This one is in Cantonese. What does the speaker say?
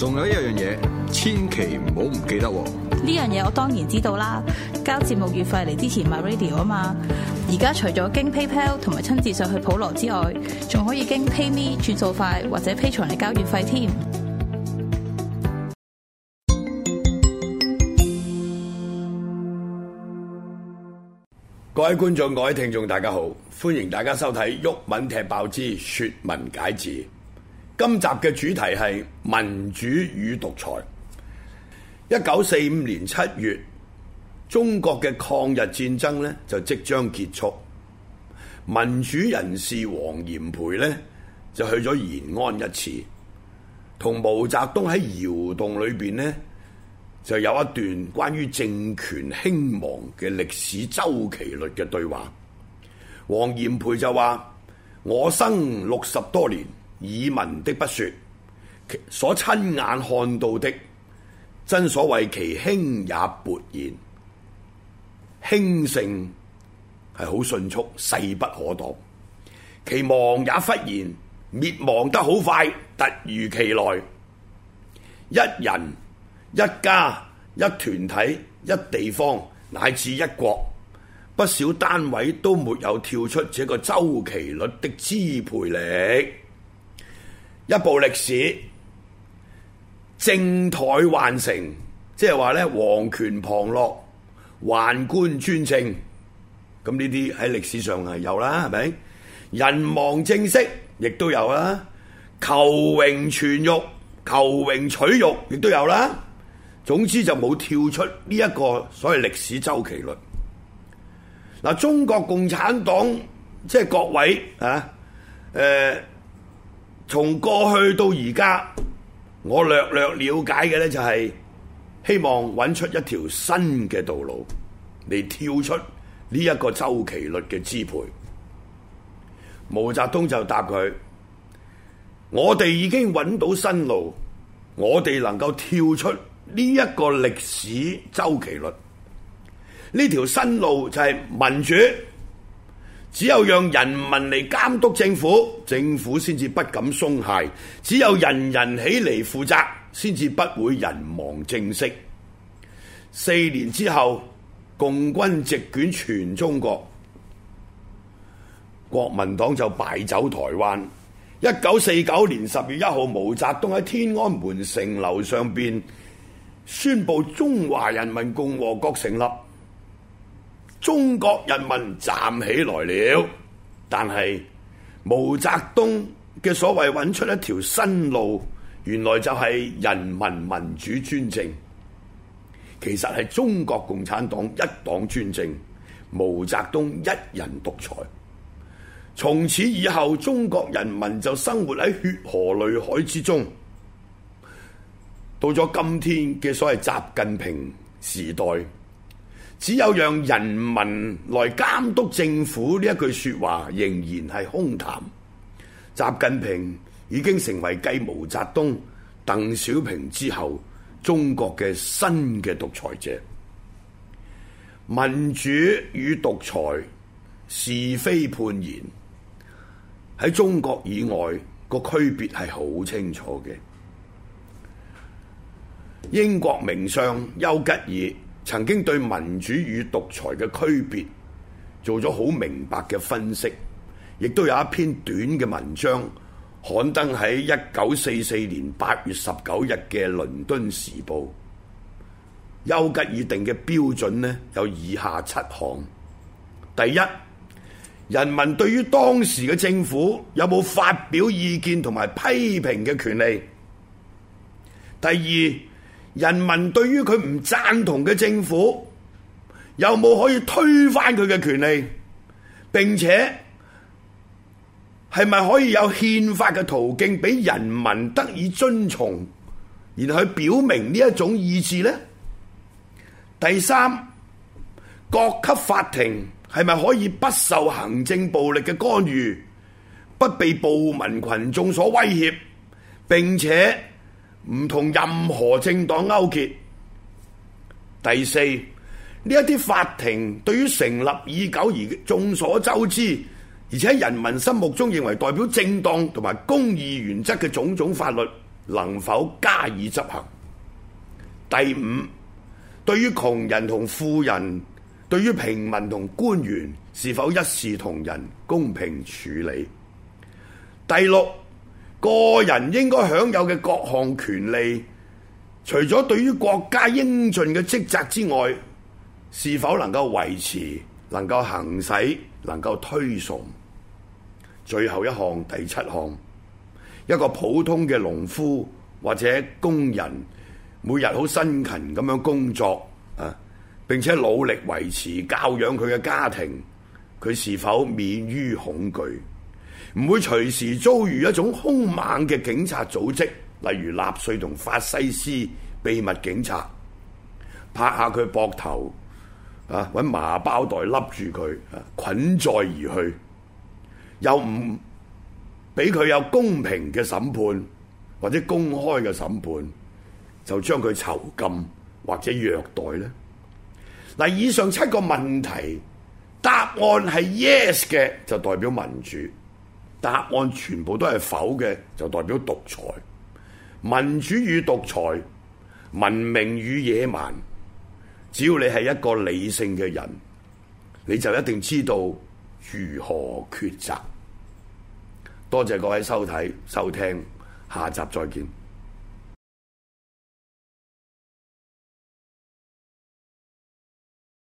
仲有一樣嘢，千祈唔好唔記得。呢樣嘢我當然知道啦，交節目月費嚟之前買 radio 啊嘛。而家除咗經 PayPal 同埋親自上去普羅之外，仲可以經 PayMe 轉數快或者 Pay 傳嚟交月費添。各位觀眾、各位聽眾，大家好，歡迎大家收睇《玉文踢爆之說文解字》。今集嘅主題係民主與獨裁。一九四五年七月，中國嘅抗日戰爭呢就即將結束。民主人士黃炎培呢就去咗延安一次，同毛澤東喺窯洞裏邊呢，就有一段關於政權興亡嘅歷史週期律嘅對話。黃炎培就話：我生六十多年。耳聞的不說，其所親眼看到的，真所謂其興也勃然，興盛係好迅速，勢不可擋；其亡也忽然，滅亡得好快，突如其來。一人、一家、一團體、一地方乃至一國，不少單位都沒有跳出這個周期率的支配力。一部歷史，正台換城，即係話咧皇權旁落，宦官專政，咁呢啲喺歷史上係有啦，係咪？人亡政息，亦都有啦，求榮存欲，求榮取辱，亦都有啦。總之就冇跳出呢一個所謂歷史周期率。嗱、啊，中國共產黨即係各位啊，誒、呃。從過去到而家，我略略了解嘅呢、就是，就係希望揾出一條新嘅道路，嚟跳出呢一個周期率嘅支配。毛澤東就答佢：我哋已經揾到新路，我哋能夠跳出呢一個歷史周期率。」呢條新路就係民主。只有讓人民嚟監督政府，政府先至不敢鬆懈；只有人人起嚟負責，先至不會人亡政息。四年之後，共軍席捲全中國，國民黨就敗走台灣。一九四九年十月一號，毛澤東喺天安門城樓上邊宣佈中華人民共和國成立。中國人民站起來了，但係毛澤東嘅所謂揾出一條新路，原來就係人民民主專政，其實係中國共產黨一黨專政，毛澤東一人獨裁。從此以後，中國人民就生活喺血河淚海之中，到咗今天嘅所謂習近平時代。只有讓人民來監督政府，呢句說話，仍然係空談。習近平已經成為繼毛澤東、鄧小平之後中國嘅新嘅獨裁者。民主與獨裁，是非判然，喺中國以外，個區別係好清楚嘅。英國名相丘吉爾。曾經對民主與獨裁嘅區別做咗好明白嘅分析，亦都有一篇短嘅文章刊登喺一九四四年八月十九日嘅《倫敦時報》。丘吉爾定嘅標準呢，有以下七項：第一，人民對於當時嘅政府有冇發表意見同埋批評嘅權利？第二，人民對於佢唔贊同嘅政府，有冇可以推翻佢嘅權利？並且係咪可以有憲法嘅途徑俾人民得以遵從，然後去表明呢一種意志呢？第三，各級法庭係咪可以不受行政暴力嘅干預，不被暴民群眾所威脅？並且唔同任何政黨勾結。第四，呢一啲法庭對於成立已久而眾所周知，而且喺人民心目中認為代表正當同埋公義原則嘅種種法律，能否加以執行？第五，對於窮人同富人，對於平民同官員，是否一視同仁、公平處理？第六。個人應該享有嘅各項權利，除咗對於國家應盡嘅職責之外，是否能夠維持、能夠行使、能夠推崇？最後一項、第七項，一個普通嘅農夫或者工人，每日好辛勤咁樣工作啊，並且努力維持教養佢嘅家庭，佢是否免於恐懼？唔會隨時遭遇一種兇猛嘅警察組織，例如納粹同法西斯秘密警察，拍下佢膊頭，啊，搵麻包袋笠住佢，啊，捆載而去，又唔俾佢有公平嘅審判或者公開嘅審判，就將佢囚禁或者虐待咧。嗱，啊，以上七個問題答案係 yes 嘅，就代表民主。答案全部都係否嘅，就代表獨裁。民主與獨裁，文明與野蠻，只要你係一個理性嘅人，你就一定知道如何抉擇。多謝各位收睇收聽，下集再見。